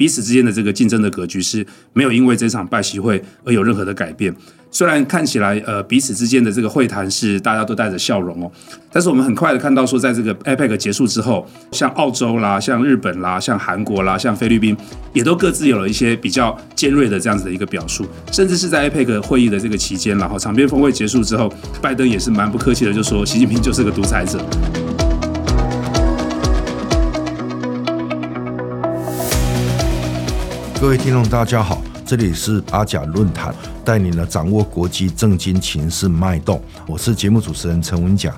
彼此之間的這個競爭的格局是沒有因為這場拜習會而有任何的改變。雖然看起來，呃，彼此之間的這個會談是大家都帶着笑容哦，但是我們很快的看到說，在這個 APEC 結束之後，像澳洲啦、像日本啦、像韓國啦、像菲律賓，也都各自有了一些比較尖銳的這樣子的一個表述。甚至是在 APEC 會議的這個期間，然後場邊峰會結束之後，拜登也是蠻不客氣的，就說習近平就是個獨裁者。各位聽眾，大家好，這裡是阿甲論壇，帶你呢掌握國際政經情勢脈動。我是節目主持人陳文甲，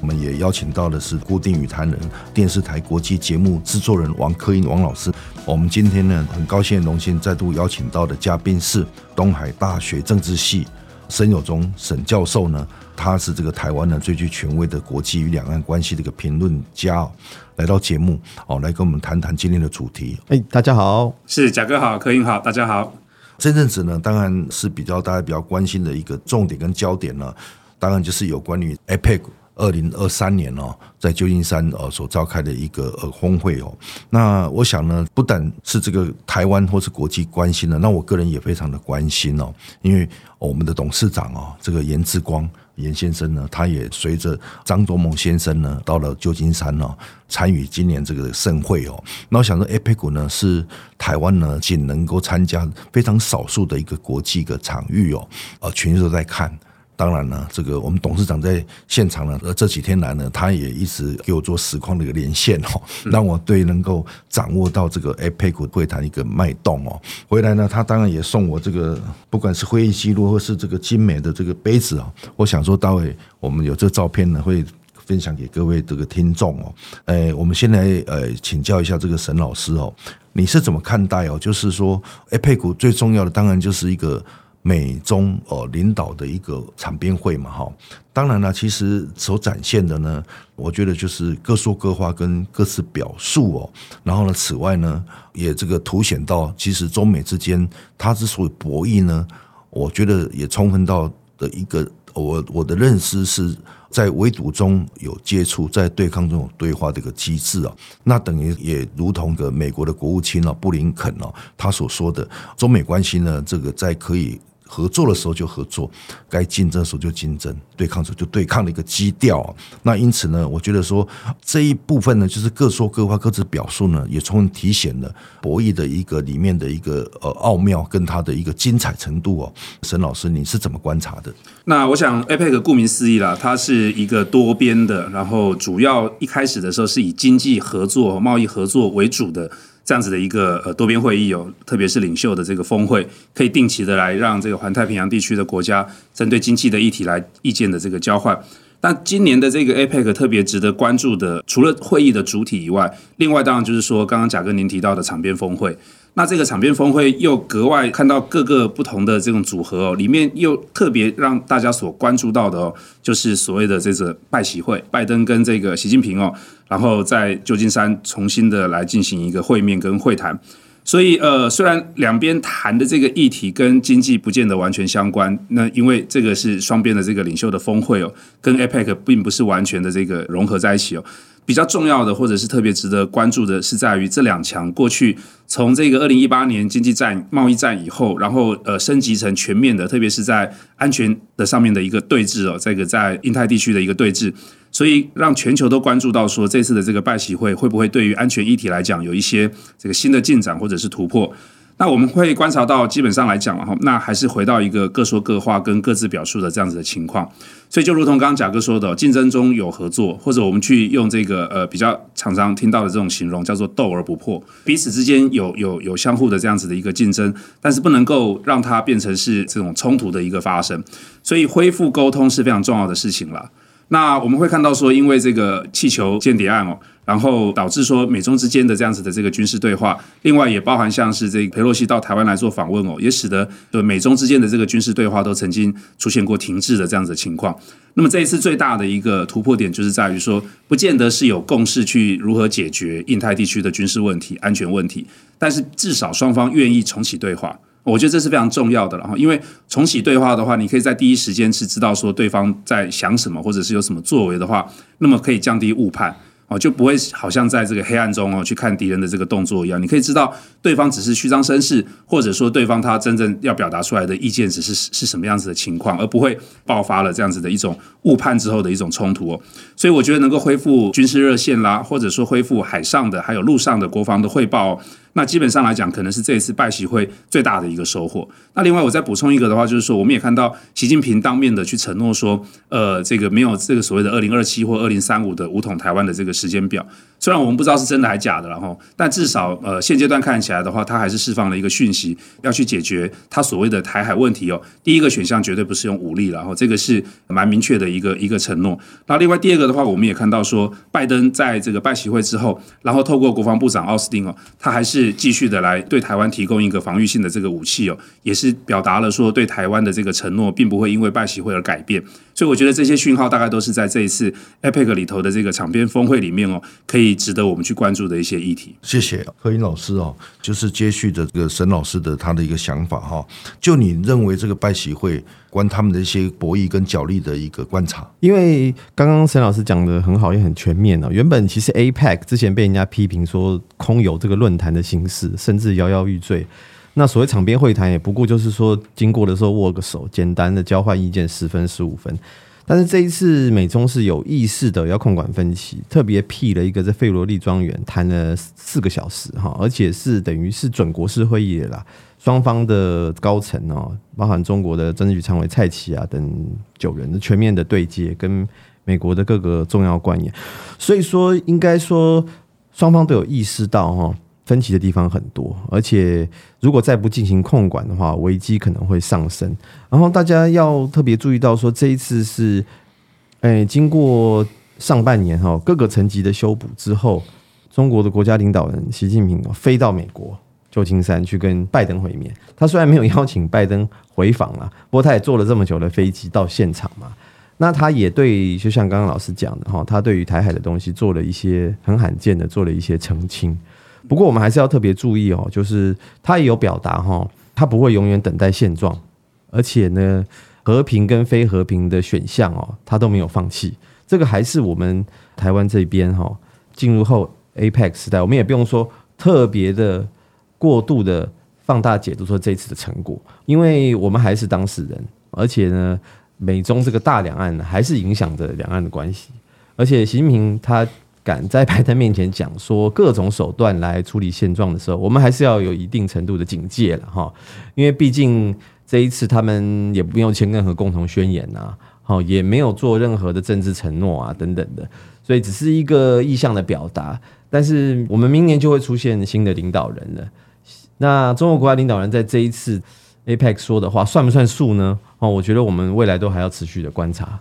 我們也邀請到的是固定與談人、電視台國際節目制作人王克殷王老師。我們今天呢，很高興榮幸再度邀請到的嘉賓是東海大學政治系沈有忠沈教授呢。他是這個台灣的最具權威的國際與兩岸關係的一個評論家，來到節目哦，來跟我們談談今天的主題。哎、欸，大家好，是甲哥好，克殷好，大家好。這陣子呢，當然是比較大家比較關心的一個重點跟焦點呢，當然就是有關於 APEC。二零二三年哦，在舊金山呃所召開的一個呃峰會哦，那我想呢，不但是這個台灣或是國際關心的，那我個人也非常的關心哦，因為我們的董事長哦，這個嚴志光嚴先生呢，他也隨着張忠謀先生呢到了舊金山呢，參與今年這個盛會哦，那我想說 APEC 股呢是台灣呢僅能夠參加非常少數的一個國際的場域哦，呃，全球都在看。當然了，這個我們董事長在現場呢，呃，這幾天來呢，他也一直給我做實況的一個連線哦，讓我對能夠掌握到這個 APEC 會談一個脈動哦。回來呢，他當然也送我這個，不管是會議記錄或是這個精美的這個杯子哦。我想說，待會，我們有這個照片呢，會分享給各位這個聽眾哦、哎。我們先來呃、哎、請教一下這個沈老師哦，你是怎麼看待哦？就是說 APEC 最重要的，當然就是一個。美中呃領導的一個場邊會嘛，哈，當然呢，其實所展現的呢，我覺得就是各說各話跟各自表述哦。然後呢，此外呢，也這個凸顯到，其實中美之間它之所以博弈呢，我覺得也充分到的一個我我的認識是在圍堵中有接觸，在對抗中有對話的一個機制啊、哦。那等於也如同個美國的國務卿、哦、布林肯哦，他所說的中美關係呢，這個在可以。合作的時候就合作，該競爭的時候就競爭，對抗的時候就對抗的一個基調。那因此呢，我覺得說這一部分呢，就是各說各話，各自表述呢，也充分體現了博弈的一個裡面的一個呃奧妙跟它的一個精彩程度哦。沈老師，你是怎麼觀察的？那我想，APEC 顧名思義啦，它是一個多邊的，然後主要一開始的時候是以經濟合作、貿易合作為主的。這樣子的一個呃多邊會議有，特別是領袖的這個峰會，可以定期的來讓這個環太平洋地區的國家針對經濟的議題來意見的這個交換。那今年的這個 APEC 特別值得關注的，除了會議的主體以外，另外當然就是說剛剛甲哥您提到的場邊峰會。那這個場邊峰會又格外看到各個不同的這種組合哦，裡面又特別讓大家所關注到的哦，就是所謂的這個拜習會，拜登跟這個習近平哦，然後在舊金山重新的來進行一個會面跟會談。所以呃，雖然兩邊談的這個議題跟經濟不見得完全相關，那因為這個是雙邊的這個領袖的峰會哦，跟 APEC 並不是完全的這個融合在一起哦。比較重要的，或者是特別值得關注的是，在於這兩強過去從這個二零一八年經濟戰、貿易戰以後，然後呃升級成全面的，特別是在安全的上面的一個對峙哦，這個在印太地區的一個對峙，所以讓全球都關注到說，這次的這個拜習會會不會對於安全議題來講有一些這個新的進展或者是突破。那我們會觀察到，基本上來講，哈，那還是回到一個各說各話跟各自表述的這樣子的情況。所以，就如同剛剛甲哥說的，競爭中有合作，或者我們去用這個呃比較常常聽到的這種形容，叫做鬥而不破，彼此之間有有有相互的這樣子的一個競爭，但是不能夠讓它變成是這種衝突的一個發生。所以，恢復溝通是非常重要的事情了。那我們會看到說，因為這個氣球間諜案哦。然後導致說美中之間的這樣子的這個軍事對話，另外也包含像是這個佩洛西到台灣來做訪問哦，也使得對美中之間的這個軍事對話都曾經出現過停滯的這樣子的情況。那麼這一次最大的一個突破點就是在於說，不見得是有共識去如何解決印太地區的軍事問題、安全問題，但是至少雙方願意重啟對話，我覺得這是非常重要的了。然後因為重啟對話的話，你可以在第一時間是知道說對方在想什麼，或者是有什麼作為的話，那麼可以降低誤判。哦，就不會好像在這個黑暗中哦，去看敵人的這個動作一樣。你可以知道對方只是虛張聲勢，或者說對方他真正要表達出來的意見只是是什麼樣子的情況，而不會爆發了這樣子的一種誤判之後的一種衝突哦。所以我覺得能夠恢復軍事熱線啦，或者說恢復海上的還有陸上的國防的匯報哦。那基本上來講，可能是這一次拜習會最大的一個收穫。那另外我再補充一個的話，就是說我們也看到習近平當面的去承諾說，呃，這個沒有這個所謂的二零二七或二零三五的武統台灣的這個時間表。雖然我們不知道是真的還是假的，然後，但至少呃現階段看起來的話，他還是釋放了一個訊息，要去解決他所謂的台海問題哦。第一個選項絕對不是用武力，然後這個是蠻明確的一個一個承諾。然後另外第二個的話，我們也看到說，拜登在這個拜習會之後，然後透過國防部長奧斯汀哦，他還是。繼續的來對台灣提供一個防禦性的這個武器哦，也是表達了說對台灣的這個承諾，並不會因為拜習會而改變。所以我覺得這些訊號大概都是在這一次 APEC 裡頭的這個場邊峰會裡面哦，可以值得我們去關注的一些議題。謝謝克殷老師哦，就是接續著這個沈老師的他的一個想法哈、哦，就你認為這個拜習會關他們的一些博弈跟角力的一個觀察。因為剛剛沈老師講的很好也很全面啊、哦，原本其實 APEC 之前被人家批評說空有這個論壇的形式，甚至搖搖欲墜。那所謂場邊會談也不過就是說，經過的時候握個手，簡單的交換意見，十分十五分。但是這一次美中是有意識的要控管分歧，特別闢了一個在費羅利莊園談了四個小時哈，而且是等於是準國事會議的啦，雙方的高層哦，包含中國的政治局常委蔡奇啊等九人全面的對接，跟美國的各個重要官員。所以說，應該說雙方都有意識到哈。分歧的地方很多，而且如果再不進行控管的話，危機可能會上升。然後大家要特別注意到說，說這一次是，誒、哎、經過上半年哈各個層級的修補之後，中國的國家領導人習近平飛到美國舊金山去跟拜登會面。他雖然沒有邀請拜登回訪啊，不過他也坐了這麼久的飛機到現場嘛。那他也對，就像剛剛老師講的哈，他對於台海的東西做了一些很罕見的，做了一些澄清。不過我們還是要特別注意哦，就是他也有表達哈、哦，他不會永遠等待現狀，而且呢，和平跟非和平的選項哦，他都沒有放棄。這個還是我們台灣這邊哈、哦，進入後 APEC 時代，我們也不用說特別的過度的放大解讀說這次的成果，因為我們還是當事人，而且呢，美中這個大兩岸呢還是影響着兩岸的關係，而且習近平他。敢在拜登面前講說各種手段來處理現狀的時候，我們還是要有一定程度的警戒了哈。因為畢竟這一次他們也不用簽任何共同宣言、啊、也沒有做任何的政治承諾啊等等的，所以只是一個意向的表達。但是我們明年就會出現新的領導人了。那中國國家領導人在這一次 APEC 說的話算不算數呢？哦，我覺得我們未來都還要持續的觀察。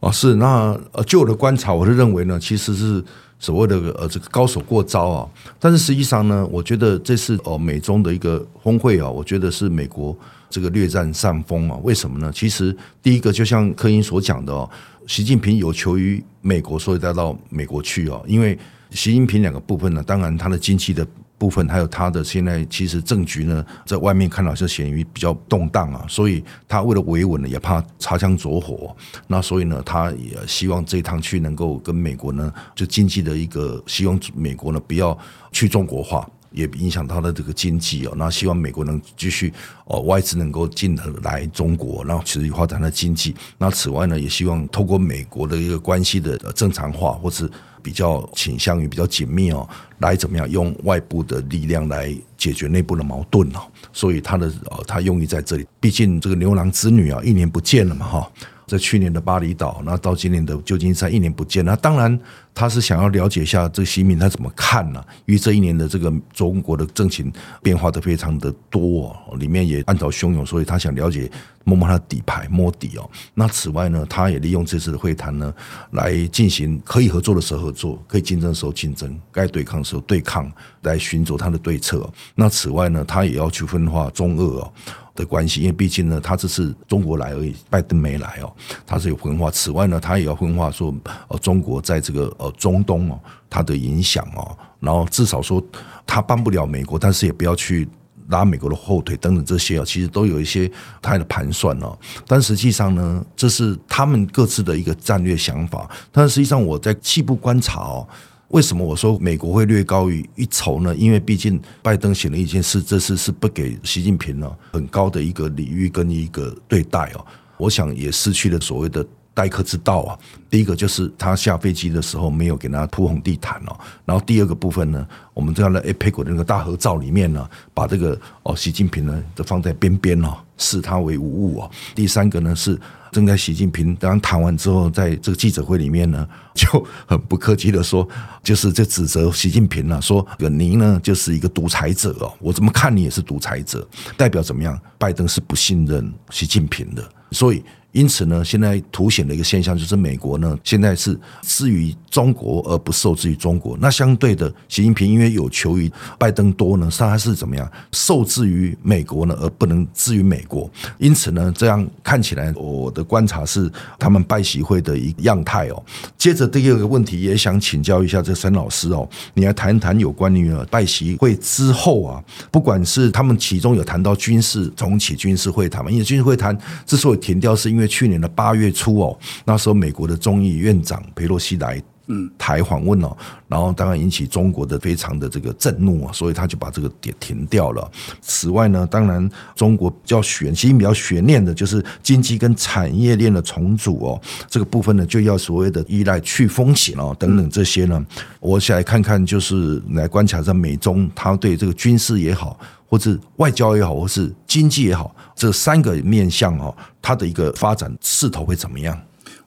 啊，是那呃，據我的觀察，我是認為呢，其實是所謂的呃，這個高手過招啊。但是實際上呢，我覺得這次哦美中的一個峰會啊，我覺得是美國這個略占上風啊。為什麼呢？其實第一個就像克殷所講的哦、啊，習近平有求於美國，所以帶到美國去哦、啊。因為習近平兩個部分呢、啊，當然他的經濟的。部分還有他的現在，其實政局呢，在外面看到是鹹魚比較動盪啊，所以他為了維穩呢，也怕擦槍走火，那所以呢，他也希望這一趟去能夠跟美國呢，就經濟的一個希望美國呢不要去中國化，也影響他的這個經濟哦，那希望美國能繼續哦、呃、外資能夠進來中國，然後持續發展他的經濟。那此外呢，也希望透過美國的一個關係的正常化，或是比較傾向於比較緊密哦，來怎麼樣用外部的力量來解決內部的矛盾哦。所以他的呃他用意在這裡，畢竟這個牛郎織女啊一年不見了嘛哈、哦。在去年的巴厘島，那到今年的舊金山，一年不見，那當然，他是想要了解一下這個新民他怎麼看呢、啊？因為這一年的這個中國的政情變化得非常的多，裡面也暗潮洶湧，所以他想了解，摸摸他的底牌、摸底哦。那此外呢，他也利用這次的會談呢，來進行可以合作的時候合作，可以競爭的時候競爭，該對抗的時候對抗，來尋找他的對策。那此外呢，他也要去分化中俄的關係，因為畢竟呢，他這次中國來而已，拜登沒來哦，他是有分化。此外呢，他也要分化說，呃，中國在這個呃中東哦，他的影響哦，然後至少說他幫不了美國，但是也不要去拉美國的後腿等等這些哦，其實都有一些他的盤算哦。但實際上呢，這是他們各自的一個戰略想法。但實際上，我在細部觀察哦。為什麼我說美國會略高於一籌呢？因為畢竟拜登寫了一件事，這次是不給習近平呢很高的一個禮遇跟一個對待哦，我想也失去了所謂的。待客之道啊，第一個就是他下飛機的時候沒有給他鋪紅地毯哦。然後第二個部分呢，我們在 APEC 的那個大合照裡面呢，啊，把這個哦，習近平呢就放在邊邊哦，視他為無物哦。第三個呢是，正在習近平剛剛談完之後，在這個記者會裡面呢，就很不客氣地說，就是在指責習近平了，啊，說您呢就是一個獨裁者哦，我怎麼看你也是獨裁者，代表怎麼樣？拜登是不信任習近平的，所以。因此呢，現在凸顯的一個現象就是，美國呢現在是制於中國而不受制於中國。那相對的，習近平因為有求於拜登多呢，他是怎麼樣受制於美國呢，而不能制於美國。因此呢，這樣看起來，我的觀察是他們拜習會的一個樣態哦。接着第二個問題，也想請教一下這沈老師哦，你來談談有關於拜習會之後啊，不管是他們其中有談到軍事重啟軍事會談嘛，因為軍事會談之所以停掉，是因為因為去年的八月初哦，那時候美國的眾議院長裴洛西來。嗯，台訪問哦，然後當然引起中國的非常的這個震怒啊，所以他就把這個點停掉了。此外呢，當然中國比較懸，其實比較懸念的就是經濟跟產業鏈的重組哦，這個部分呢，就要所謂的依賴去風險哦等等這些呢，嗯、我想來看看，就是來觀察在美中他對這個軍事也好，或是外交也好，或是經濟也好，這三個面向哦，它的一個發展勢頭會怎麼樣？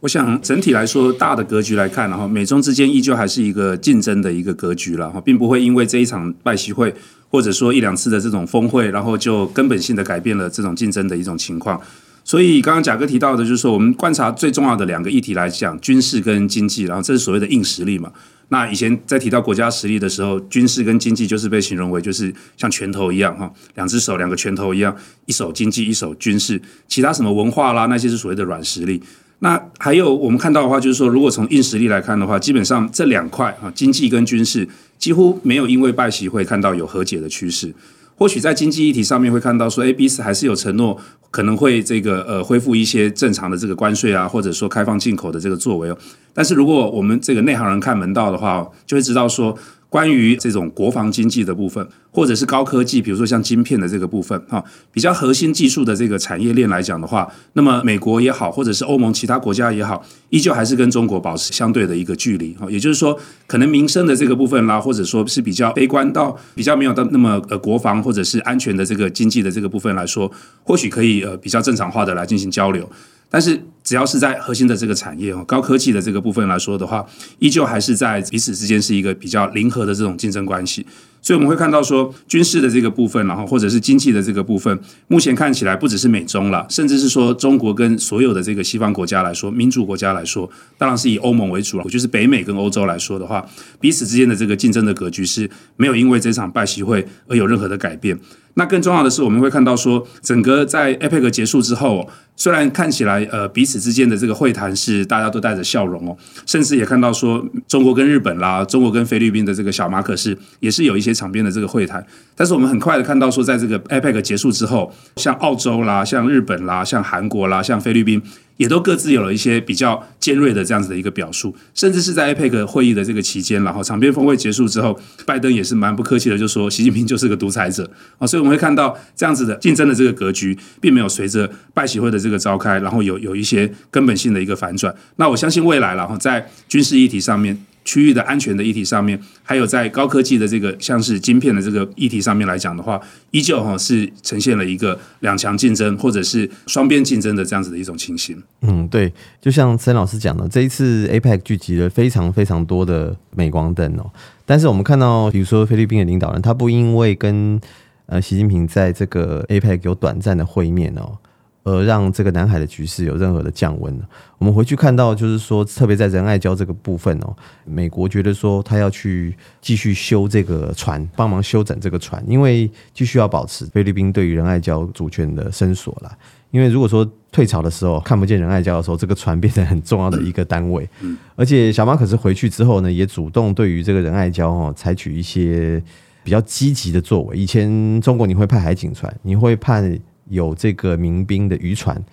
我想整體來說，大的格局來看，然後美中之間依舊還是一個競爭的一個格局了哈，並不會因為這一場拜習會，或者說一兩次的這種峰會，然後就根本性的改變了這種競爭的一種情況。所以剛剛甲哥提到的，就是說我們觀察最重要的兩個議題來講，軍事跟經濟，然後這是所謂的硬實力嘛。那以前在提到國家實力的時候，軍事跟經濟就是被形容為就是像拳頭一樣哈，兩隻手兩個拳頭一樣，一手經濟，一手軍事，其他什麼文化啦那些是所謂的軟實力。那還有我們看到的話，就是說，如果從硬實力來看的話，基本上這兩塊啊，經濟跟軍事幾乎沒有因為拜習會看到有和解的趨勢。或許在經濟議題上面會看到說，誒，彼此還是有承諾，可能會這個呃恢復一些正常的這個關稅啊，或者說開放進口的這個作為哦。但是如果我們這個內行人看門道的話，就會知道說。關於這種國防經濟的部分，或者是高科技，比如說像晶片的這個部分，哈，比較核心技術的這個產業鏈來講的話，那麼美國也好，或者是歐盟其他國家也好，依舊還是跟中國保持相對的一個距離，哈，也就是說，可能民生的這個部分啦，或者說是比較悲觀到比較沒有到那麼呃國防或者是安全的這個經濟的這個部分來說，或許可以呃比較正常化的來進行交流。但是，只要是在核心的這個產業哦，高科技的這個部分來說的話，依舊還是在彼此之間是一個比較零和的這種競爭關係。所以我們會看到說，軍事的這個部分，然後或者是經濟的這個部分，目前看起來不只是美中了，甚至是說中國跟所有的這個西方國家來說，民主國家來說，當然是以歐盟為主了，就是北美跟歐洲來說的話，彼此之間的這個競爭的格局是沒有因為這場拜習會而有任何的改變。那更重要的是，我們會看到說，整個在 APEC 結束之後，哦，雖然看起來呃彼此之間的這個會談是大家都帶着笑容哦，甚至也看到說中國跟日本啦、中國跟菲律賓的這個小馬可仕也是有一些場邊的這個會談，但是我們很快的看到說，在這個 APEC 結束之後，像澳洲啦、像日本啦、像韓國啦、像菲律賓。也都各自有了一些比較尖銳的這樣子的一個表述，甚至是在 APEC 會議的這個期間，然後場邊峰會結束之後，拜登也是蠻不客氣的就說，習近平就是個獨裁者啊。所以我們會看到這樣子的競爭的這個格局，並沒有隨着拜習會的這個召開，然後有有一些根本性的一個反轉。那我相信未來，然後在軍事議題上面。區域的安全的議題上面，還有在高科技的這個像是晶片的這個議題上面來講的話，依舊哈是呈現了一個兩強競爭或者是雙邊競爭的這樣子的一種情形。嗯，對，就像陳老師講的，這一次 APEC 聚集了非常非常多的鎂光燈哦、喔，但是我們看到，比如說菲律賓的領導人，他不因為跟呃習近平在這個 APEC 有短暫的會面哦、喔。而讓這個南海的局勢有任何的降溫。我們回去看到，就是說，特別在仁愛礁這個部分哦，美國覺得說他要去繼續修這個船，幫忙修整這個船，因為繼續要保持菲律賓對於仁愛礁主權的申索啦。因為如果說退潮的時候看不見仁愛礁的時候，這個船變成很重要的一個單位。而且小馬可仕回去之後呢，也主動對於這個仁愛礁哦採取一些比較積極的作為。以前中國你會派海警船，你會派。有這個民兵的漁船，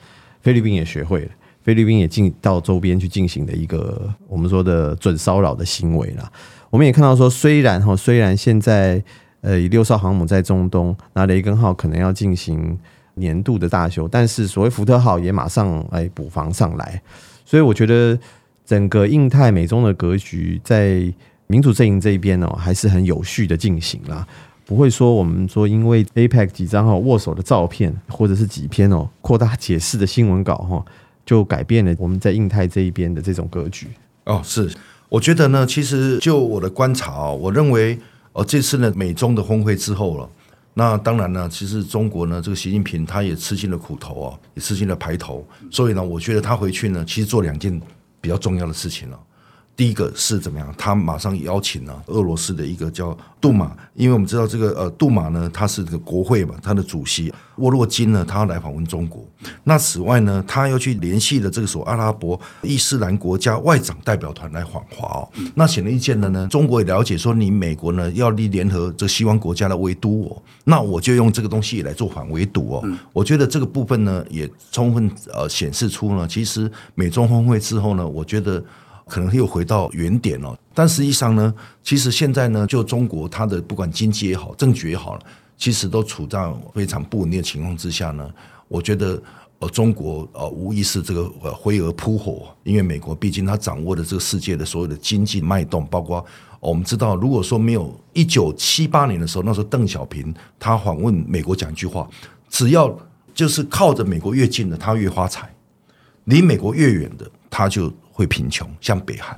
菲律賓也學會了，菲律賓也進到周邊去進行的一個我們說的準騷擾的行為啦。我們也看到說，雖然哈，雖然現在呃，六艘航母在中東，那雷根號可能要進行年度的大修，但是所謂福特號也馬上來補防上來，所以我覺得整個印太美中的格局在民主陣營這一邊呢、喔，還是很有序的進行了。不會說我們說，因為 APEC 幾張哈、哦、握手的照片，或者是幾篇哦擴大解釋的新聞稿哈、哦，就改變了我們在印太這一邊的這種格局哦。是，我覺得呢，其實就我的觀察哦，我認為呃、哦、這次呢美中的峰會之後了，那當然呢，其實中國呢這個習近平他也吃盡了苦頭啊、哦，也吃盡了排頭，所以呢，我覺得他回去呢，其實做兩件比較重要的事情了、哦。第一個是怎麼樣？他馬上邀請了俄羅斯的一個叫杜馬，因為我們知道這個呃杜馬呢，他是這個國會嘛，他的主席沃洛金呢，他要來訪問中國。那此外呢，他又去聯繫了這個所阿拉伯伊斯蘭國家外長代表團來訪華哦。那顯而易見的呢，中國也了解說，你美國呢要立聯合這西方國家來圍堵我，那我就用這個東西來做反圍堵哦。我覺得這個部分呢，也充分呃顯示出呢，其實美中峰會之後呢，我覺得。可能又回到原點了，哦，但實際上呢，其實現在呢，就中國它的不管經濟也好，政局也好，其實都處在非常不穩定的情況之下呢。我覺得呃，中國呃，無疑是這個呃，飛蛾撲火，因為美國畢竟它掌握的這個世界的所有的經濟脈動，包括、哦、我們知道，如果說沒有一九七八年的時候，那時候鄧小平他訪問美國講一句話，只要就是靠着美國越近的，他越發財，離美國越遠的，他就會貧窮，像北韓。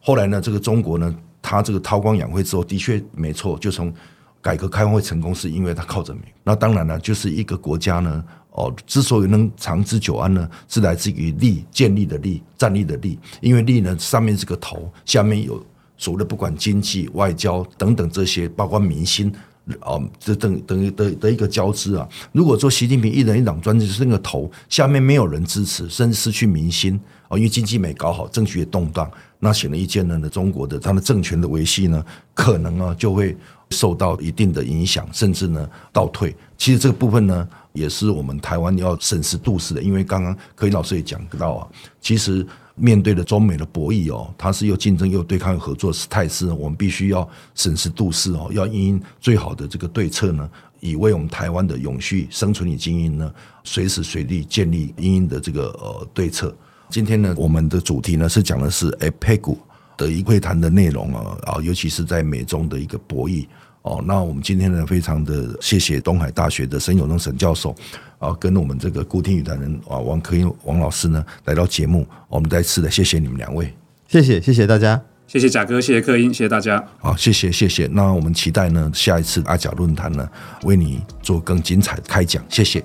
後來呢，這個中國呢，他這個韜光養晦之後，的確沒錯，就從改革開放會成功，是因為他靠着美。那當然了，就是一個國家呢，哦，之所以能長治久安呢，是來自於力，建立的利，戰力的利。因為利呢，上面是個頭，下面有所謂的不管經濟、外交等等這些，包括民心。啊、嗯，等等於的的，的一個交織啊。如果說習近平一人一黨專制是那個頭，下面沒有人支持，甚至失去民心啊、哦，因為經濟沒搞好，政局也動盪，那顯而一見呢，的中國的他的政權的維繫呢，可能啊就會受到一定的影響，甚至呢倒退。其實這個部分呢，也是我們台灣要審時度勢的，因為剛剛克殷老師也講到啊，其實。面對了中美的博弈哦，它是又競爭又對抗合作的態勢，我們必須要審時度勢哦，要因應最好的這個對策呢，以為我們台灣的永續生存與經營呢，隨時隨地建立因應的這個呃對策。今天呢，我們的主題呢是講的是 APEC 的一會談的內容啊，啊尤其是在美中的一個博弈。哦，那我們今天呢，非常的謝謝東海大學的沈有忠沈教授啊，跟我們這個固定與談人啊王克殷王老師呢，來到節目，我們再次的謝謝你們兩位，謝謝謝謝大家，謝謝甲哥，謝謝克殷，謝謝大家，好，謝謝謝謝、哦、謝、謝、謝謝，那我們期待呢下一次阿甲論壇呢為你做更精彩的開講，謝謝。